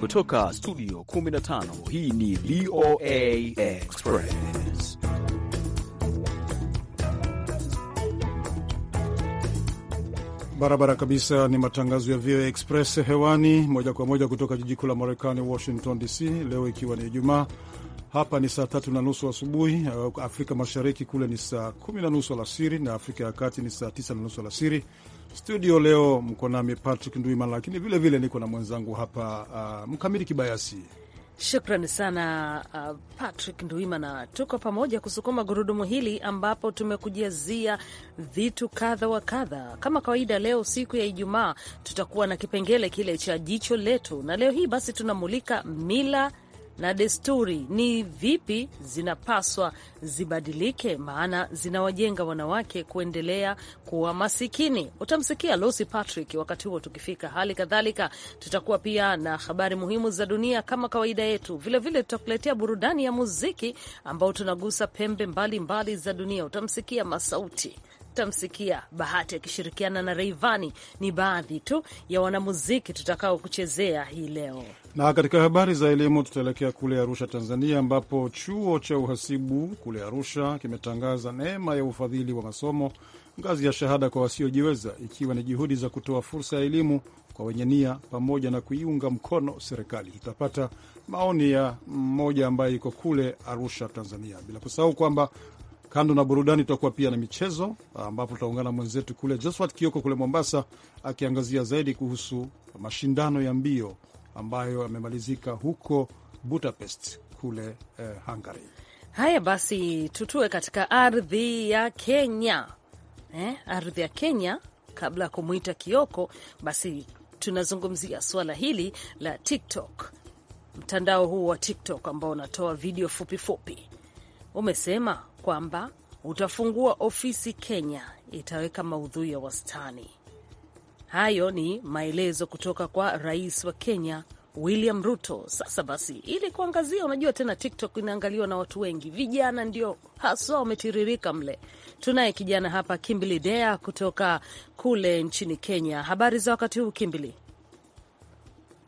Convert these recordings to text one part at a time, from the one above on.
Kutoka studio 15 hii ni VOA Express. Barabara kabisa, ni matangazo ya VOA Express hewani moja kwa moja kutoka jiji kuu la Marekani, Washington DC. Leo ikiwa ni Ijumaa, hapa ni saa tatu na nusu asubuhi uh, Afrika Mashariki, kule ni saa kumi na nusu alasiri na Afrika ya Kati ni saa tisa na nusu alasiri. Studio leo mko nami Patrick Nduima, lakini vilevile niko na mwenzangu hapa uh, Mkamili Kibayasi. Shukrani sana uh, Patrick Nduimana, tuko pamoja kusukuma gurudumu hili ambapo tumekujazia vitu kadha wa kadha. Kama kawaida, leo siku ya Ijumaa tutakuwa na kipengele kile cha jicho letu, na leo hii basi tunamulika mila na desturi ni vipi zinapaswa zibadilike, maana zinawajenga wanawake kuendelea kuwa masikini. Utamsikia Lucy Patrick wakati huo tukifika. Hali kadhalika tutakuwa pia na habari muhimu za dunia kama kawaida yetu, vilevile tutakuletea burudani ya muziki ambao tunagusa pembe mbalimbali mbali za dunia. Utamsikia Masauti utamsikia Bahati akishirikiana na Reivani ni baadhi tu ya wanamuziki tutakao kuchezea hii leo. Na katika habari za elimu tutaelekea kule Arusha, Tanzania, ambapo chuo cha uhasibu kule Arusha kimetangaza neema ya ufadhili wa masomo ngazi ya shahada kwa wasiojiweza, ikiwa ni juhudi za kutoa fursa ya elimu kwa wenye nia pamoja na kuiunga mkono serikali. Tutapata maoni ya mmoja ambaye iko kule Arusha, Tanzania, bila kusahau kwamba Kando na burudani, tutakuwa pia na michezo ambapo tutaungana mwenzetu kule Josphat Kioko kule Mombasa, akiangazia zaidi kuhusu mashindano ya mbio ambayo yamemalizika huko Budapest kule eh, Hungary. Haya basi, tutue katika ardhi ya Kenya eh, ardhi ya Kenya. Kabla ya kumwita Kioko, basi tunazungumzia suala hili la TikTok, mtandao huu wa TikTok ambao unatoa video fupifupi fupi. Umesema kwamba utafungua ofisi Kenya, itaweka maudhui ya wastani. Hayo ni maelezo kutoka kwa rais wa Kenya William Ruto. Sasa basi, ili kuangazia, unajua tena TikTok inaangaliwa na watu wengi, vijana ndio haswa wametiririka mle. Tunaye kijana hapa Kimbili Dea kutoka kule nchini Kenya. Habari za wakati huu Kimbili?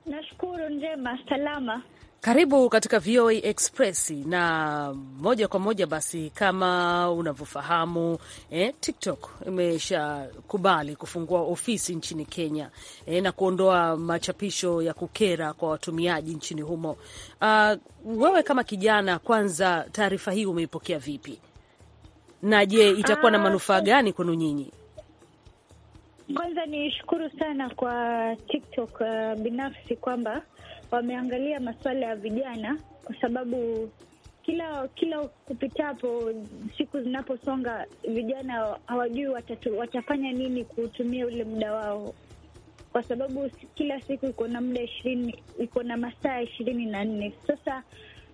Nashukuru, njema, salama. Karibu katika VOA Express na moja kwa moja basi, kama unavyofahamu eh, TikTok imeshakubali kufungua ofisi nchini Kenya eh, na kuondoa machapisho ya kukera kwa watumiaji nchini humo. Uh, wewe kama kijana, kwanza taarifa hii umeipokea vipi? Na je, itakuwa na ah, manufaa gani kwenu nyinyi? Kwanza nishukuru sana kwa TikTok uh, binafsi kwamba wameangalia masuala ya vijana, kwa sababu kila kila kupitapo siku zinaposonga, vijana hawajui watatu, watafanya nini kuutumia ule muda wao, kwa sababu kila siku iko na muda ishirini, iko na masaa ishirini na nne. Sasa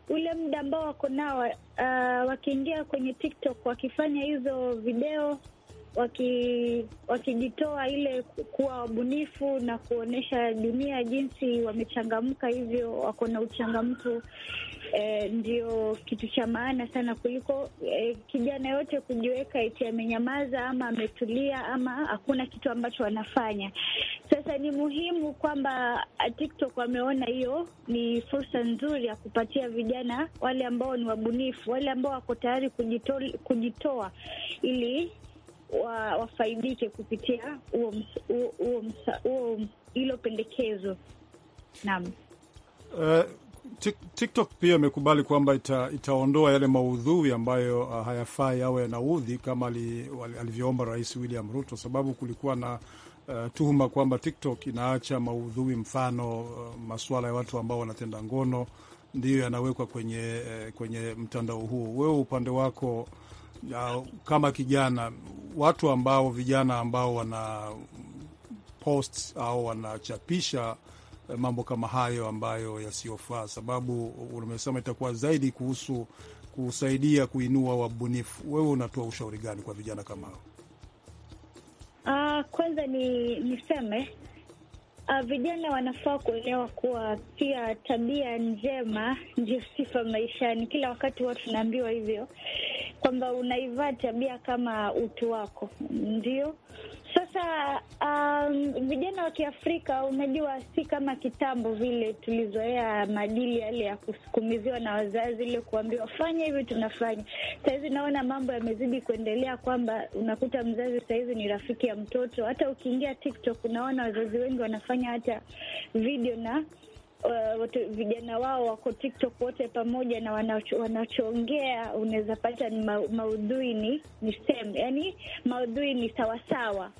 ule muda ambao wako nao uh, wakiingia kwenye TikTok wakifanya hizo video waki, wakijitoa ile kuwa wabunifu na kuonyesha dunia jinsi wamechangamka, hivyo wako na uchangamfu eh, ndio kitu cha maana sana kuliko eh, kijana yote kujiweka eti amenyamaza ama ametulia ama hakuna kitu ambacho wanafanya. Sasa ni muhimu kwamba eh, TikTok wameona hiyo ni fursa nzuri ya kupatia vijana wale ambao ni wabunifu, wale ambao wako tayari kujitoa ili wa, wafaidike kupitia hilo pendekezo. Naam. Uh, TikTok pia imekubali kwamba ita, itaondoa yale maudhui ambayo uh, hayafai au yanaudhi kama ali, alivyoomba Rais William Ruto, sababu kulikuwa na uh, tuhuma kwamba TikTok inaacha maudhui mfano uh, masuala ya watu ambao wanatenda ngono ndiyo yanawekwa kwenye, uh, kwenye mtandao huo. Wewe upande wako kama kijana, watu ambao vijana ambao wana post au wanachapisha eh, mambo kama hayo ambayo yasiyofaa, sababu umesema itakuwa zaidi kuhusu kusaidia kuinua wabunifu. Wewe unatoa ushauri gani kwa vijana kama hao? Uh, kwanza ni niseme uh, vijana wanafaa kuelewa kuwa pia tabia njema ndio sifa maishani. Kila wakati huwa tunaambiwa hivyo kwamba unaivaa tabia kama utu wako, ndio sasa um, vijana wa Kiafrika umejua si kama kitambo vile tulizoea maadili yale ya kusukumiziwa na wazazi, ile kuambiwa fanya hivi tunafanya. Sahizi naona mambo yamezidi kuendelea, kwamba unakuta mzazi sahizi ni rafiki ya mtoto. Hata ukiingia TikTok unaona wazazi wengi wanafanya hata video na uh, watu, vijana wao wako TikTok wote pamoja na wanachoongea unaweza pata ni ma, maudhui ni ni same, yani maudhui ni sawasawa.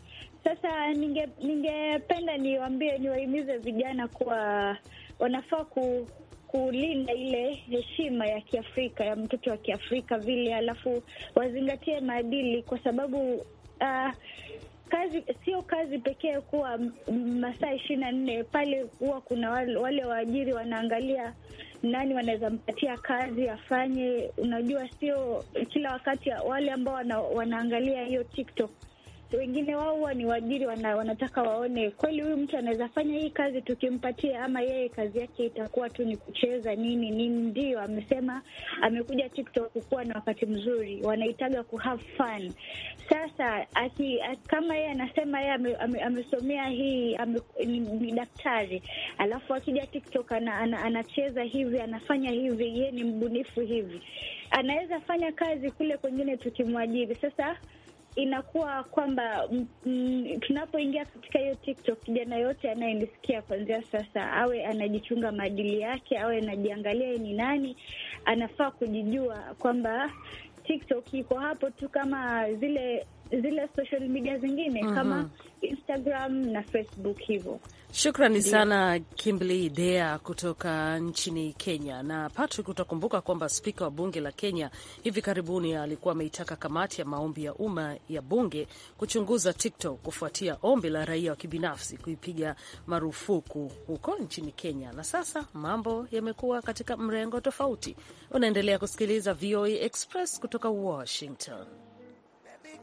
Sasa ningependa ninge niwaambie, niwahimize vijana kuwa wanafaa ku kulinda ile heshima ya Kiafrika ya mtoto wa Kiafrika vile, alafu wazingatie maadili kwa sababu uh, kazi sio kazi pekee kuwa masaa ishirini na nne pale, huwa kuna wale, wale waajiri wanaangalia nani wanaweza mpatia kazi afanye. Unajua, sio kila wakati wale ambao wana, wanaangalia hiyo TikTok wengine wao huwa ni waajiri wana, wanataka waone kweli huyu mtu anaweza fanya hii kazi tukimpatia, ama yeye kazi yake itakuwa tu ni kucheza nini nini. Ndio amesema amekuja TikTok kuwa na wakati mzuri, wanahitaga ku have fun. Sasa aki, kama yeye anasema yeye ame, ame, amesomea hii ame, ni, ni daktari, alafu akija TikTok ana, ana, anacheza hivi anafanya hivi, yeye ni mbunifu hivi, anaweza fanya kazi kule kwengine tukimwajiri sasa inakuwa kwamba tunapoingia katika hiyo TikTok, kijana yote anayenisikia kuanzia sasa awe anajichunga maadili yake, awe anajiangalia ni nani, anafaa kujijua kwamba TikTok iko hapo tu kama zile zile social media zingine mm -hmm. kama Instagram na Facebook hivyo. Shukrani sana Kimberly Dea kutoka nchini Kenya. Na Patrick, utakumbuka kwamba spika wa bunge la Kenya hivi karibuni alikuwa ameitaka kamati ya maombi ya umma ya bunge kuchunguza TikTok kufuatia ombi la raia wa kibinafsi kuipiga marufuku huko nchini Kenya, na sasa mambo yamekuwa katika mrengo tofauti. Unaendelea kusikiliza VOA Express kutoka Washington.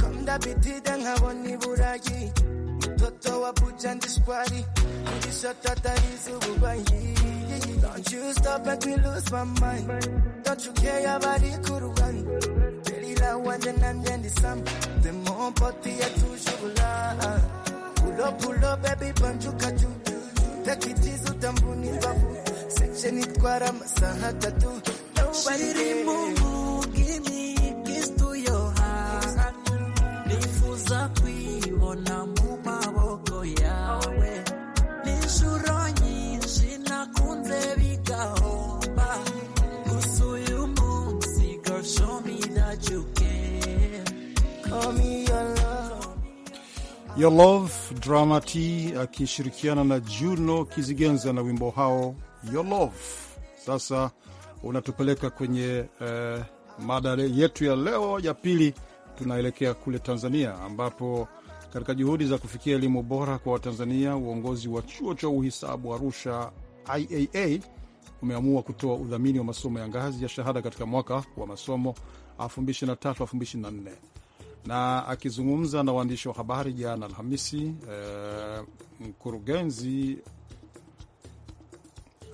Konda biti dan hawoni burayi wa bujandi squari Ndisho tatarizu ubayi Don't you stop make me lose my mind Don't you care yabari kurugani Delila wanje nanje ndisam Demo poti yetu shugula Pull up, pull up, baby, banjuka tu Take it easy, utambuni babu Section it, itwara masaha tatu Nobody Mungu Your Dramati akishirikiana na Juno Kizigenza na wimbo hao Your Love. Sasa unatupeleka kwenye eh, mada yetu ya leo ya pili, tunaelekea kule Tanzania ambapo katika juhudi za kufikia elimu bora kwa Watanzania, uongozi wa chuo cha uhisabu Arusha IAA umeamua kutoa udhamini wa masomo ya ngazi ya shahada katika mwaka wa masomo 2023/2024. Na akizungumza na waandishi wa habari jana Alhamisi, eh, mkurugenzi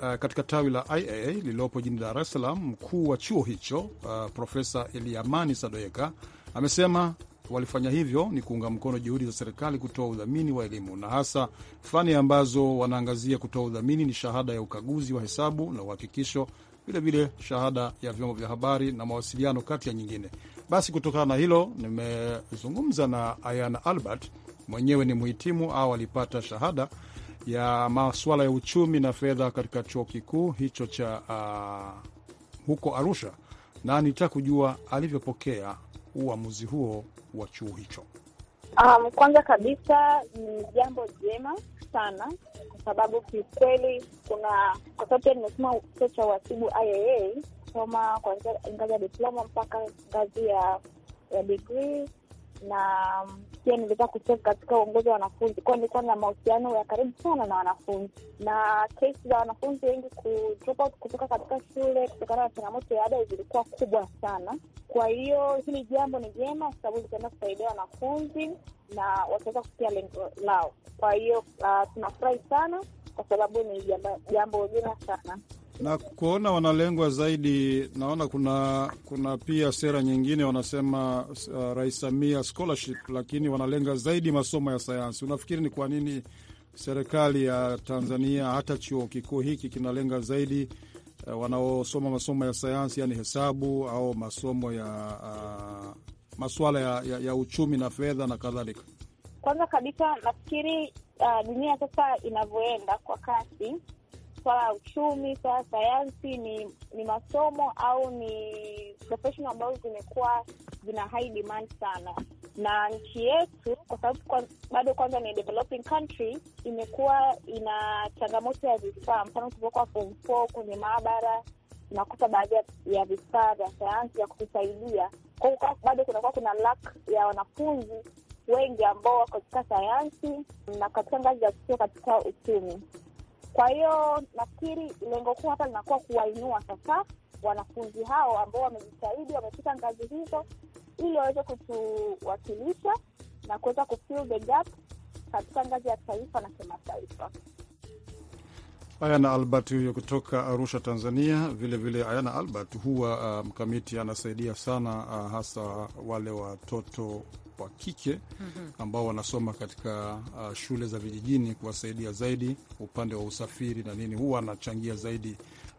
eh, katika tawi la IAA lililopo jijini Dar es Salaam, mkuu wa chuo hicho eh, Profesa Eliamani Sadoeka Amesema walifanya hivyo ni kuunga mkono juhudi za serikali kutoa udhamini wa elimu na hasa fani ambazo wanaangazia kutoa udhamini ni shahada ya ukaguzi wa hesabu na uhakikisho, vilevile shahada ya vyombo vya habari na mawasiliano, kati ya nyingine. Basi kutokana na hilo nimezungumza na Ayana Albert, mwenyewe ni mhitimu au alipata shahada ya maswala ya uchumi na fedha katika chuo kikuu hicho cha uh, huko Arusha, na nitaka kujua alivyopokea uamuzi huo wa chuo hicho? Um, kwanza kabisa ni jambo jema sana kwa sababu kiukweli, kuna kwa sababu pia nimesoma chuo cha uhasibu IAA, soma kuanzia ngazi ya diploma mpaka ngazi ya ya digrii na um, pia niliweza kuserve katika uongozi wa wanafunzi kwao. Nilikuwa na mahusiano ya karibu sana na wanafunzi, na kesi za wanafunzi wengi ku drop out kutoka katika shule kutokana na changamoto ya ada zilikuwa kubwa sana. Kwa hiyo hili jambo ni jema, kwa sababu litaenda kusaidia wanafunzi na wataweza kufikia lengo lao. Kwa hiyo uh, tunafurahi sana kwa sababu ni jambo jema sana na kuona wanalengwa zaidi. Naona kuna kuna pia sera nyingine wanasema, uh, Rais Samia scholarship, lakini wanalenga zaidi masomo ya sayansi. Unafikiri ni kwa nini serikali ya Tanzania hata chuo kikuu hiki kinalenga zaidi uh, wanaosoma masomo ya sayansi, yani hesabu au masomo ya uh, masuala ya, ya, ya uchumi na fedha na kadhalika? Kwanza kabisa nafikiri uh, dunia sasa inavyoenda kwa kasi masuala ya uchumi, swala sayansi ni ni masomo au ni profession ambazo zimekuwa zina high demand sana, na nchi yetu kwa sababu kwa, bado kwanza ni developing country, imekuwa ina changamoto ya vifaa. Mfano, tulipokuwa form four kwenye maabara tunakosa baadhi ya vifaa vya sayansi ya kutusaidia kwa, bado kunakuwa kuna lack ya wanafunzi wengi ambao wako katika sayansi na katika ngazi za kuchuo katika uchumi. Kwa hiyo nafikiri lengo kuu hapa linakuwa kuwainua sasa wanafunzi hao ambao wamejitahidi, wamefika ngazi hizo, ili waweze kutuwakilisha na kuweza kufill the gap katika ngazi ya taifa na kimataifa. Ayana Albert huyo kutoka Arusha, Tanzania. Vilevile vile Ayana Albert huwa uh, mkamiti um, anasaidia sana uh, hasa wale watoto wa kike ambao wanasoma katika uh, shule za vijijini, kuwasaidia zaidi upande wa usafiri na nini, huwa anachangia zaidi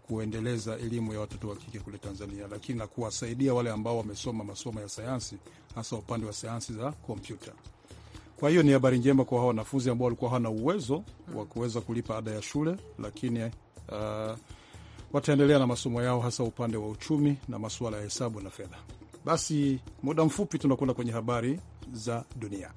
kuendeleza elimu ya watoto wa kike kule Tanzania, lakini na kuwasaidia wale ambao wamesoma masomo ya sayansi, hasa upande wa sayansi za kompyuta. Kwa hiyo ni habari njema kwa hawa wanafunzi ambao walikuwa hawana uwezo wa kuweza kulipa ada ya shule, lakini uh, wataendelea na masomo yao hasa upande wa uchumi na masuala ya hesabu na fedha. Basi muda mfupi tunakwenda kwenye habari za dunia.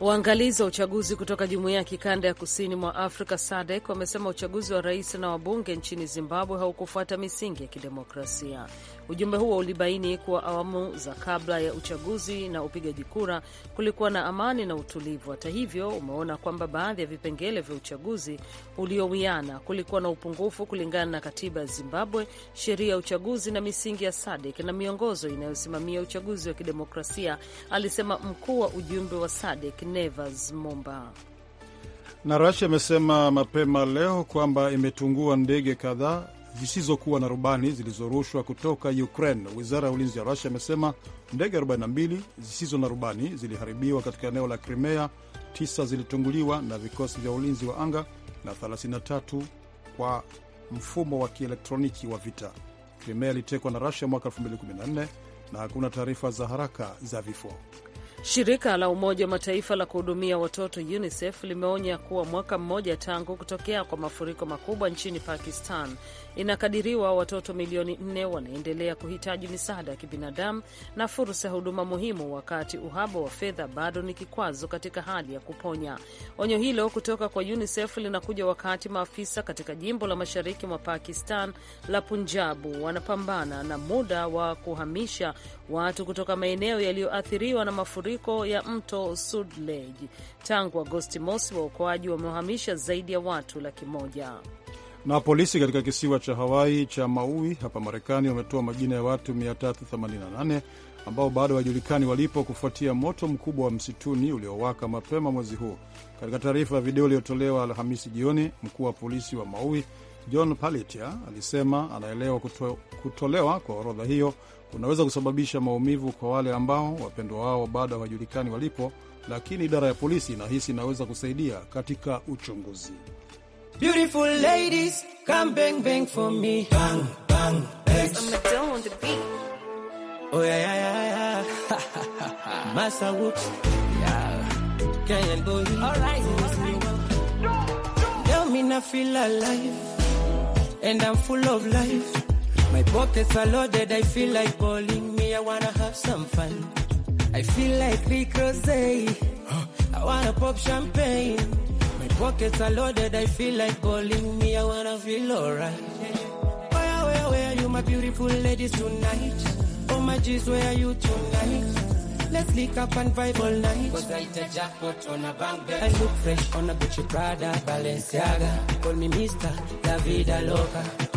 Waangalizi wa uchaguzi kutoka jumuiya ya kikanda ya kusini mwa Afrika SADC wamesema uchaguzi wa rais na wabunge nchini Zimbabwe haukufuata misingi ya kidemokrasia. Ujumbe huo ulibaini kuwa awamu za kabla ya uchaguzi na upigaji kura kulikuwa na amani na utulivu. Hata hivyo, umeona kwamba baadhi ya vipengele vya uchaguzi uliowiana kulikuwa na upungufu kulingana na katiba ya Zimbabwe, sheria ya uchaguzi na misingi ya SADC na miongozo inayosimamia uchaguzi wa kidemokrasia, alisema mkuu wa ujumbe wa SADC nevas mumba Na Rasia amesema mapema leo kwamba imetungua ndege kadhaa zisizokuwa na rubani zilizorushwa kutoka Ukraine. Wizara ya ulinzi ya Rusia imesema ndege 42 zisizo na rubani ziliharibiwa katika eneo la Crimea, tisa zilitunguliwa na vikosi vya ulinzi wa anga na 33 kwa mfumo wa kielektroniki wa vita. Crimea ilitekwa na Rusia mwaka 2014 na hakuna taarifa za haraka za vifo. Shirika la Umoja wa Mataifa la kuhudumia watoto UNICEF limeonya kuwa mwaka mmoja tangu kutokea kwa mafuriko makubwa nchini Pakistan, inakadiriwa watoto milioni nne wanaendelea kuhitaji misaada ya kibinadamu na fursa ya huduma muhimu, wakati uhaba wa fedha bado ni kikwazo katika hali ya kuponya. Onyo hilo kutoka kwa UNICEF linakuja wakati maafisa katika jimbo la mashariki mwa Pakistan la Punjabu wanapambana na muda wa kuhamisha watu kutoka maeneo yaliyoathiriwa na mafuriko mafuriko ya mto Sudlej. Tangu Agosti mosi, waokoaji wamehamisha zaidi ya watu laki moja. Na polisi katika kisiwa cha Hawaii cha Maui hapa Marekani wametoa majina ya watu 388 ambao bado hawajulikani walipo kufuatia moto mkubwa wa msituni uliowaka mapema mwezi huu. Katika taarifa ya video iliyotolewa Alhamisi jioni, mkuu wa polisi wa Maui John Palitia alisema anaelewa kuto, kutolewa kwa orodha hiyo kunaweza kusababisha maumivu kwa wale ambao wapendwa wao baada ya wajulikani walipo, lakini idara ya polisi inahisi inaweza kusaidia katika uchunguzi. My pockets are loaded, I feel like balling. Me, I wanna have some fun. I feel like Rick Rose. I wanna pop champagne. My pockets are loaded, I feel like balling. Me, I wanna feel alright. Where, where, where are you, my beautiful ladies tonight? Oh my G's, where are you tonight? Let's link up and vibe all night. Cause I hit a jackpot on a bank bed. I look fresh on a Gucci Prada, Balenciaga. Call me Mr. La Vida Loca.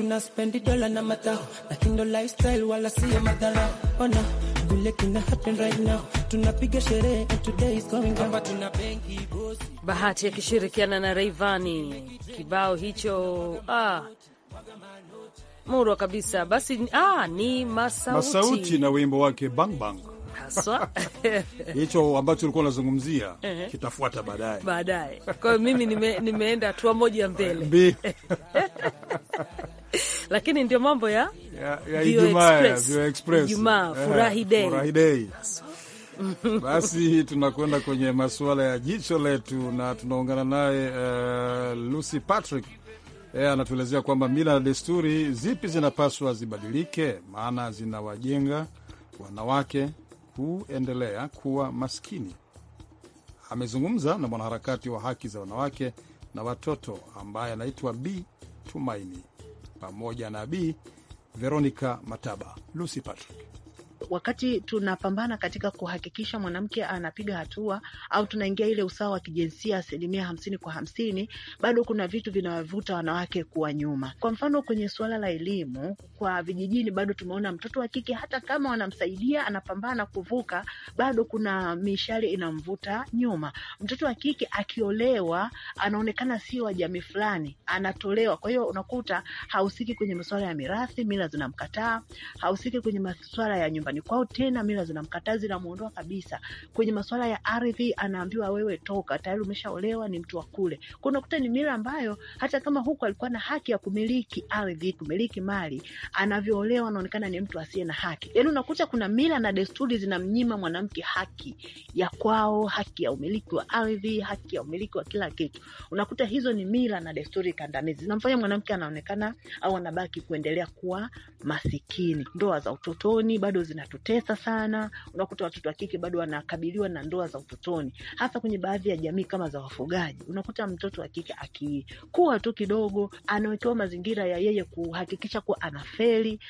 tuna spendi dola na matao na kindo lifestyle wala siyo madharau. Ona oh vile kina happen right now, tunapiga sherehe and today is going down. Tuna benki bosi Bahati akishirikiana na Rayvanny kibao hicho ah murwa kabisa. Basi ah, ni Masauti, Masauti na wimbo wake bang bang haswa hicho ambacho ulikuwa unazungumzia eh. kitafuata baadaye baadaye. Kwa hiyo mimi nime, nimeenda hatua moja mbele lakini ndio mambo ya Ijumaa furahi day. Basi tunakwenda kwenye masuala ya jicho letu na tunaungana naye uh, Lucy Patrick yeye eh, anatuelezea kwamba mila na desturi zipi zinapaswa zibadilike, maana zinawajenga wanawake kuendelea kuwa maskini. Amezungumza na mwanaharakati wa haki za wanawake na watoto ambaye anaitwa b Tumaini pamoja na Bi Veronica Mataba, Lucy Patrick wakati tunapambana katika kuhakikisha mwanamke anapiga hatua au tunaingia ile usawa wa kijinsia asilimia hamsini kwa hamsini, bado kuna vitu vinawavuta wanawake kuwa nyuma. Kwa mfano kwenye suala la elimu kwa vijijini, bado tumeona mtoto wa kike hata kama wanamsaidia anapambana kuvuka, bado kuna mishale inamvuta nyuma. Mtoto wa kike akiolewa anaonekana sio wa jamii fulani, anatolewa. Kwa hiyo unakuta hahusiki kwenye masuala ya mirathi, mila zinamkataa, hahusiki kwenye masuala ya nyumba nyumbani kwao tena, mila zinamkataa zinamuondoa kabisa. Kwenye masuala ya ardhi, anaambiwa wewe toka, tayari umeshaolewa, ni mtu wa kule. Kwa unakuta ni mila ambayo hata kama huku alikuwa na haki ya kumiliki ardhi, kumiliki mali, anavyoolewa anaonekana ni mtu asiye na haki. yani unakuta kuna mila na desturi zinamnyima mwanamke haki ya kwao, haki ya umiliki wa ardhi, haki ya umiliki wa kila kitu. Unakuta hizo ni mila na desturi kandamizi zinamfanya mwanamke anaonekana au anabaki kuendelea kuwa masikini. Ndoa za utotoni bado zina inatutesa sana. Unakuta watoto wa kike bado wanakabiliwa na ndoa za utotoni, hasa kwenye baadhi ya jamii kama za wafugaji. Unakuta mtoto wa kike akikuwa tu kidogo, anawekewa mazingira ya yeye kuhakikisha kuwa anafeli,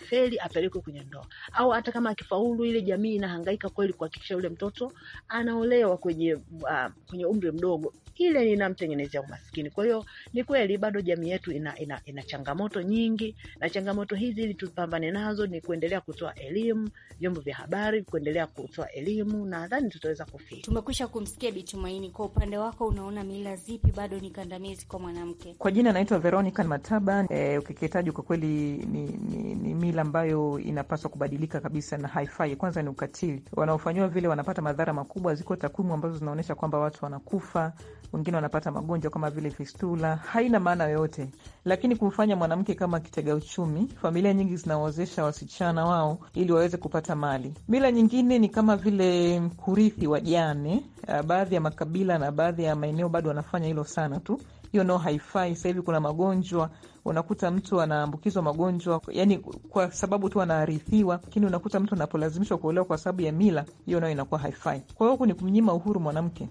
feli apelekwe kwenye ndoa, au hata kama akifaulu, ile jamii inahangaika kweli kuhakikisha yule mtoto anaolewa kwenye, uh, kwenye umri mdogo, ile inamtengenezea umaskini. Kwa hiyo ni kweli bado jamii yetu ina, ina, ina changamoto nyingi, na changamoto hizi ili tupambane nazo ni kuendelea kutoa elimu elimu, vyombo vya habari kuendelea kutoa elimu, na nadhani tutaweza kufika. Tumekwisha kumsikia Bitumaini. Kwa upande wako, unaona mila zipi bado ni kandamizi kwa mwanamke? Kwa jina anaitwa Veronica Mataba. E, eh, ukeketaji kwa kweli ni, ni, ni mila ambayo inapaswa kubadilika kabisa na haifai. Kwanza ni ukatili wanaofanyiwa vile, wanapata madhara makubwa. Ziko takwimu ambazo zinaonyesha kwamba watu wanakufa, wengine wanapata magonjwa kama vile fistula. Haina maana yoyote, lakini kumfanya mwanamke kama kitega uchumi, familia nyingi zinawawezesha wasichana wao ili waweze kupata mali. Mila nyingine ni kama vile kurithi wajane. Eh, baadhi ya makabila na baadhi ya maeneo bado wanafanya hilo sana tu. Hiyo nao haifai. Sasa hivi kuna magonjwa, unakuta mtu anaambukizwa magonjwa, yani kwa sababu tu anaarithiwa, lakini unakuta mtu anapolazimishwa kuolewa kwa sababu ya mila, hiyo nayo inakuwa haifai. Kwa hiyo huku ni kumnyima uhuru mwanamke.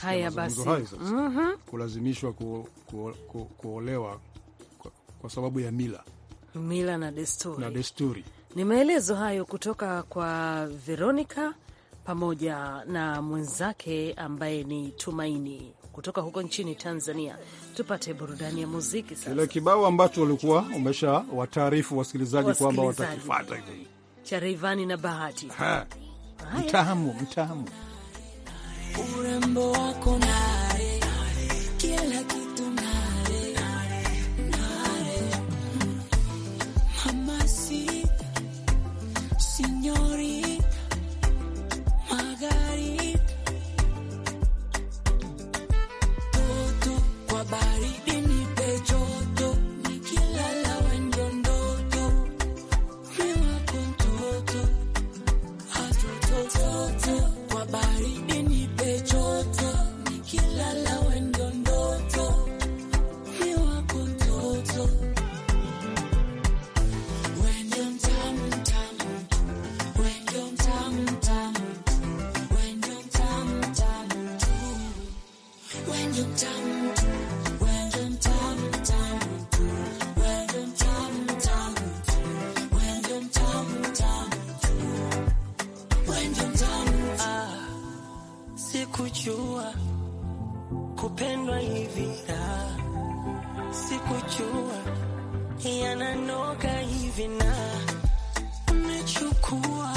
Haya basi, mm -hmm. kulazimishwa ku, ku, ku, kuolewa kwa, kwa sababu ya mila, mila na desturi, na desturi. Ni maelezo hayo kutoka kwa Veronica pamoja na mwenzake ambaye ni Tumaini kutoka huko nchini Tanzania. Tupate burudani ya muziki sasa, kile kibao ambacho walikuwa umesha wataarifu wasikilizaji kwamba watakifata cha Reivani na Bahati. Mtamu mtamu urembo wako naye kila kupendwa hivi, sikujua yananoka hivi na umechukua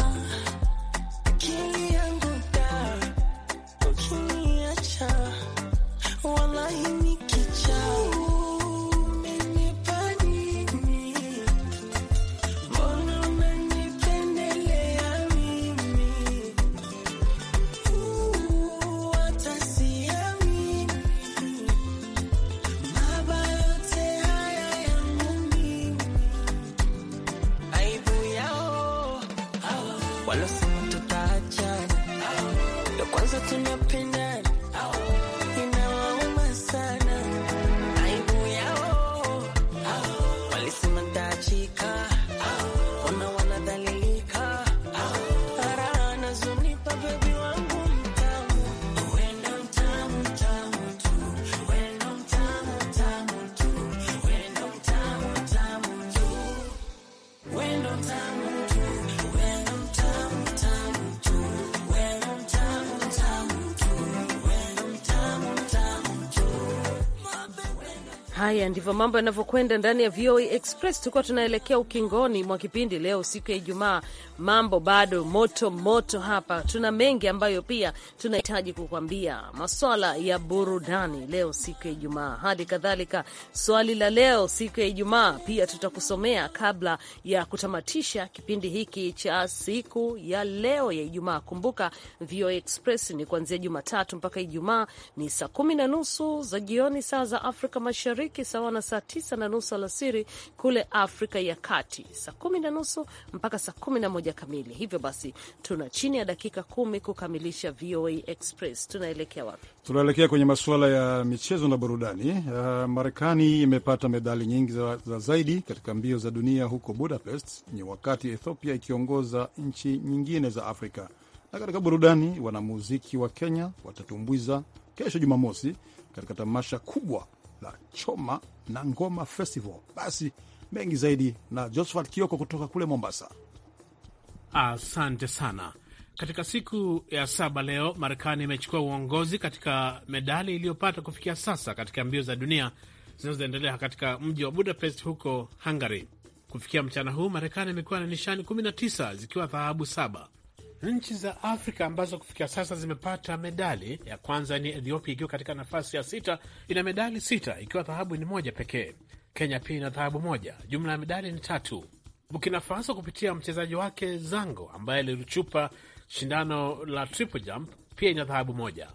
Haya ndivyo mambo yanavyokwenda ndani ya VOA e Express. Tukuwa tunaelekea ukingoni mwa kipindi leo, siku ya Ijumaa. Mambo bado moto moto hapa, tuna mengi ambayo pia tunahitaji kukwambia, maswala ya burudani leo, siku ya Ijumaa, hadi kadhalika swali la leo, siku ya Ijumaa pia tutakusomea kabla ya kutamatisha kipindi hiki cha siku ya leo ya Ijumaa. Kumbuka VOA e Express ni kuanzia Jumatatu mpaka Ijumaa, ni saa kumi na nusu za jioni, saa za Afrika Mashariki Mashariki, sawa na saa tisa na nusu alasiri kule Afrika ya Kati, saa kumi na nusu mpaka saa kumi na moja kamili. Hivyo basi tuna chini ya dakika kumi kukamilisha VOA Express. Tunaelekea wapi? Tunaelekea kwenye masuala ya michezo na burudani. Uh, Marekani imepata medali nyingi za, za zaidi katika mbio za dunia huko Budapest, ni wakati Ethiopia ikiongoza nchi nyingine za Afrika. Na katika burudani, wanamuziki wa Kenya watatumbwiza kesho Jumamosi katika tamasha kubwa la Choma na Ngoma Festival. Basi mengi zaidi na Josephat Kioko kutoka kule Mombasa. Asante sana. Katika siku ya saba leo, Marekani imechukua uongozi katika medali iliyopata kufikia sasa katika mbio za dunia zinazoendelea katika mji wa Budapest huko Hungary. Kufikia mchana huu, Marekani imekuwa na nishani 19 zikiwa dhahabu saba Nchi za Afrika ambazo kufikia sasa zimepata medali ya kwanza ni Ethiopia ikiwa katika nafasi ya sita, ina medali sita ikiwa dhahabu ni moja pekee. Kenya pia ina dhahabu moja, jumla ya medali ni tatu. Burkina Faso kupitia mchezaji wake Zango ambaye lilichupa shindano la triple jump pia ina dhahabu moja.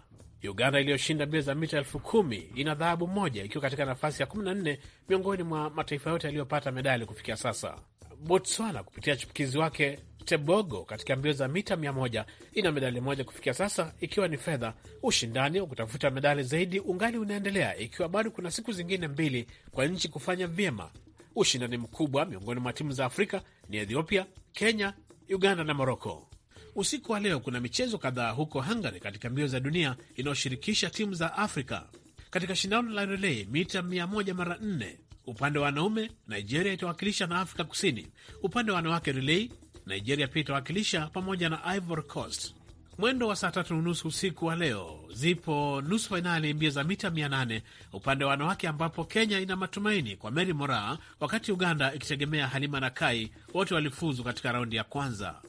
Uganda iliyoshinda mbio za mita elfu kumi ina dhahabu moja ikiwa katika nafasi ya 14 miongoni mwa mataifa yote yaliyopata medali kufikia sasa. Botswana kupitia chipukizi wake Tebogo katika mbio za mita 100 ina medali moja kufikia sasa, ikiwa ni fedha. Ushindani wa kutafuta medali zaidi ungali unaendelea, ikiwa bado kuna siku zingine mbili kwa nchi kufanya vyema. Ushindani mkubwa miongoni mwa timu za Afrika ni Ethiopia, Kenya, Uganda na Moroko. Usiku wa leo kuna michezo kadhaa huko Hungary katika mbio za dunia inayoshirikisha timu za Afrika. Katika shindano la relei mita 100 mara 4 upande wa wanaume Nigeria itawakilisha na Afrika Kusini. Upande wa wanawake relei Nigeria pia itawakilisha pamoja na Ivory Coast. Mwendo wa saa tatu nusu usiku wa leo zipo nusu fainali mbio za mita 800 upande wa wanawake, ambapo Kenya ina matumaini kwa Mary Moraa, wakati Uganda ikitegemea Halima na Kai, wote walifuzu katika raundi ya kwanza.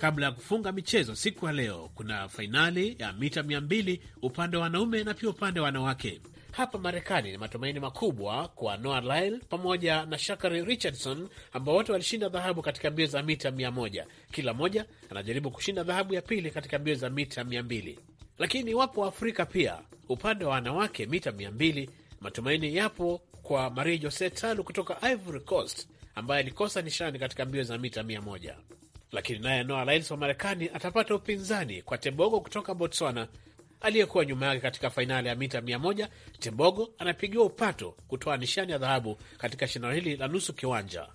Kabla ya kufunga michezo siku ya leo, kuna fainali ya mita 200 upande wa wanaume na pia upande wa wanawake hapa Marekani ni matumaini makubwa kwa Noah Lyles pamoja na Shakari Richardson ambao wote walishinda dhahabu katika mbio za mita mia moja. Kila mmoja anajaribu kushinda dhahabu ya pili katika mbio za mita mia mbili, lakini wapo Afrika pia. Upande wa wanawake mita mia mbili, matumaini yapo kwa Marie Jose Talu kutoka Ivory Coast ambaye alikosa nishani katika mbio za mita mia moja, lakini naye Noah Lyles wa Marekani atapata upinzani kwa Tebogo kutoka Botswana aliyekuwa nyuma yake katika fainali ya mita 1 Tembogo anapigiwa upato kutoa nishani ya dhahabu katika shindano hili la nusu kiwanja.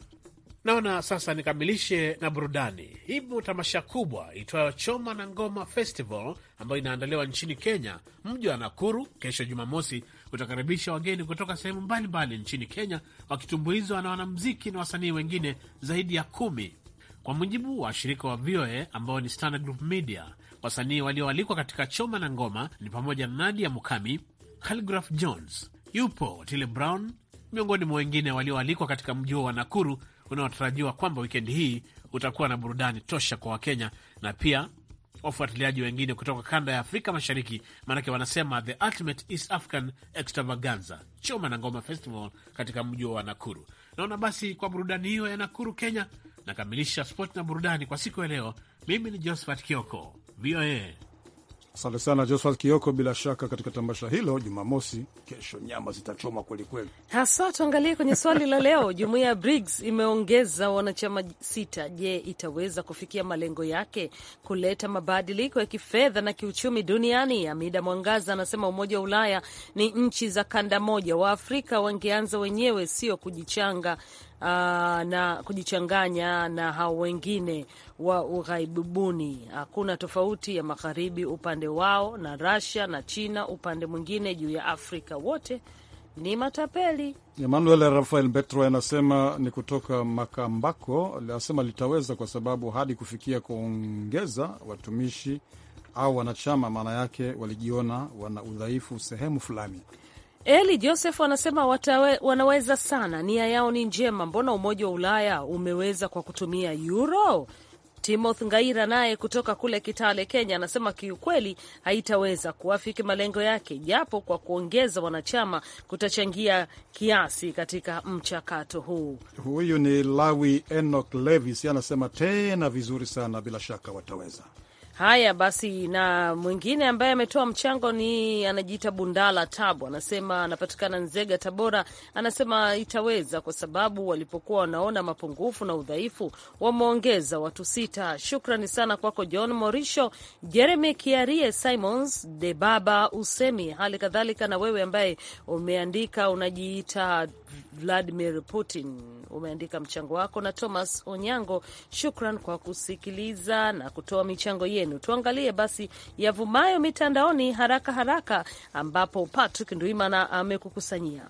Naona sasa nikamilishe na burudani. Hivyo tamasha kubwa itwayo Choma na Ngoma Festival ambayo inaandaliwa nchini Kenya, mji wa Nakuru, kesho Jumamosi, utakaribisha wageni kutoka sehemu mbalimbali nchini Kenya, wakitumbuizwa na wanamziki na wasanii wengine zaidi ya kumi, kwa mujibu wa washirika wa VOA ambao ni Standard Group Media. Wasanii walioalikwa katika Choma na Ngoma ni pamoja na Nadia Mukami, Khaligraph Jones, yupo Tile Brown miongoni mwa wengine walioalikwa katika mji huo wa Nakuru unaotarajiwa kwamba wikendi hii utakuwa na burudani tosha kwa Wakenya na pia wafuatiliaji wengine kutoka kanda ya Afrika Mashariki, maanake wanasema the ultimate East African extravaganza, Choma na Ngoma Festival katika mji wa Nakuru. Naona basi kwa burudani hiyo ya Nakuru, Kenya, nakamilisha sport na burudani kwa siku ya leo. Mimi ni Josephat Kioko. VOA. Asante sana Josephat Kioko. Bila shaka katika tambasha hilo Jumamosi kesho, nyama zitachoma kwelikweli. Haswa tuangalie kwenye swali la leo, jumuiya ya BRICS imeongeza wanachama sita. Je, itaweza kufikia malengo yake kuleta mabadiliko ya kifedha na kiuchumi duniani? Amida Mwangaza anasema umoja wa Ulaya ni nchi za kanda moja, Waafrika wangeanza wenyewe, sio kujichanga uh, na kujichanganya na hao wengine wa ughaibuni. Hakuna tofauti ya magharibi upande wao na Russia na China upande mwingine juu ya Afrika, wote ni matapeli. Emmanuel Rafael Betro anasema ni kutoka Makambako, anasema litaweza kwa sababu hadi kufikia kuongeza watumishi au wanachama, maana yake walijiona wana udhaifu sehemu fulani. Eli Joseph anasema watawe, wanaweza sana, nia yao ni njema. Mbona umoja wa Ulaya umeweza kwa kutumia euro? timoth Ngaira naye kutoka kule Kitale, Kenya, anasema kiukweli haitaweza kuafiki malengo yake, japo kwa kuongeza wanachama kutachangia kiasi katika mchakato huu. Huyu ni Lawi Enoch Levis, anasema tena vizuri sana, bila shaka wataweza. Haya basi, na mwingine ambaye ametoa mchango ni anajiita Bundala Tabu, anasema anapatikana Nzega, Tabora. Anasema itaweza kwa sababu walipokuwa wanaona mapungufu na udhaifu wameongeza watu sita. Shukrani sana kwako John Morisho, Jeremy Kiarie, Simons de Baba Usemi, hali kadhalika na wewe ambaye umeandika unajiita Vladimir Putin, umeandika mchango wako, na Thomas Onyango, shukran kwa kusikiliza na kutoa michango ye yenu. Tuangalie basi yavumayo mitandaoni haraka haraka, ambapo Patrick Ndwimana amekukusanyia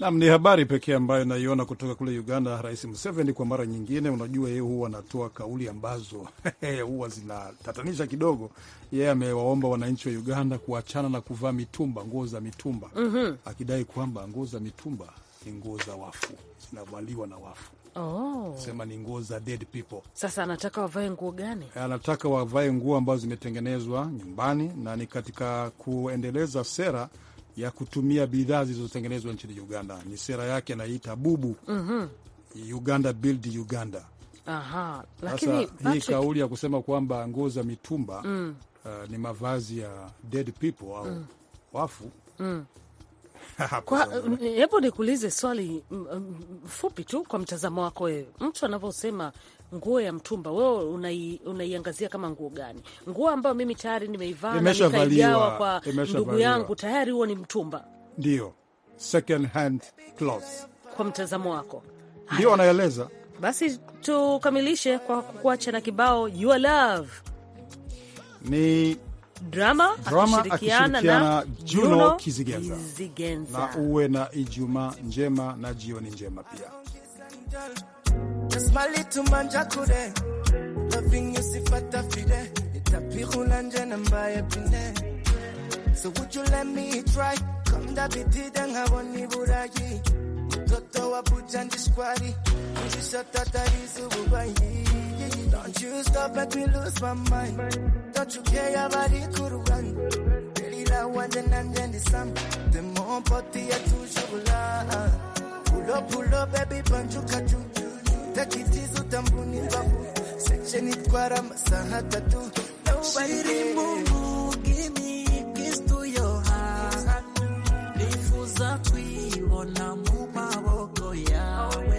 nam. Ni habari pekee ambayo naiona kutoka kule Uganda. Rais Museveni kwa mara nyingine, unajua yeye huwa anatoa kauli ambazo huwa zinatatanisha kidogo. Yeye yeah, amewaomba wananchi wa Uganda kuachana na kuvaa mitumba, nguo za mitumba mm -hmm. akidai kwamba nguo za mitumba ni nguo za wafu, zinavaliwa na wafu Oh. Sema ni nguo za dead people. Sasa anataka wavae nguo gani? Eh, anataka wavae nguo ambazo zimetengenezwa nyumbani, na ni katika kuendeleza sera ya kutumia bidhaa zilizotengenezwa nchini Uganda. Ni sera yake anaita bubu, mm -hmm. Uganda build Uganda. Aha. Lakini Patrick... hii kauli ya kusema kwamba nguo za mitumba mm. uh, ni mavazi ya dead people au mm. wafu mm. Hepo nikuulize swali fupi tu, kwa mtazamo wako wewe, mtu anavyosema nguo ya mtumba, wewe unai, unaiangazia kama nguo gani? Nguo ambayo mimi tayari nimeivaa nikaigawa kwa ndugu yangu, tayari huo ni mtumba, ndio second hand clothes. Kwa mtazamo wako ndio anaeleza. Basi tukamilishe kwa kuacha na kibao Your Love ni drama, drama akishirikiana na Juno Kizigenza. Kizigenza. Na uwe na Ijumaa njema na jioni njema pia. Don't you stop, let me lose my mind. Don't you care, your body could run. Really like one then and then the sun. The more party, I too chocolate. Pull up, pull up, baby, banju kaju. Takitizo tambuni babu. Section it kwara masaha tatu. Nobody Shiri Mungu, give me kiss to your heart. Nifuza kuiona mu yao.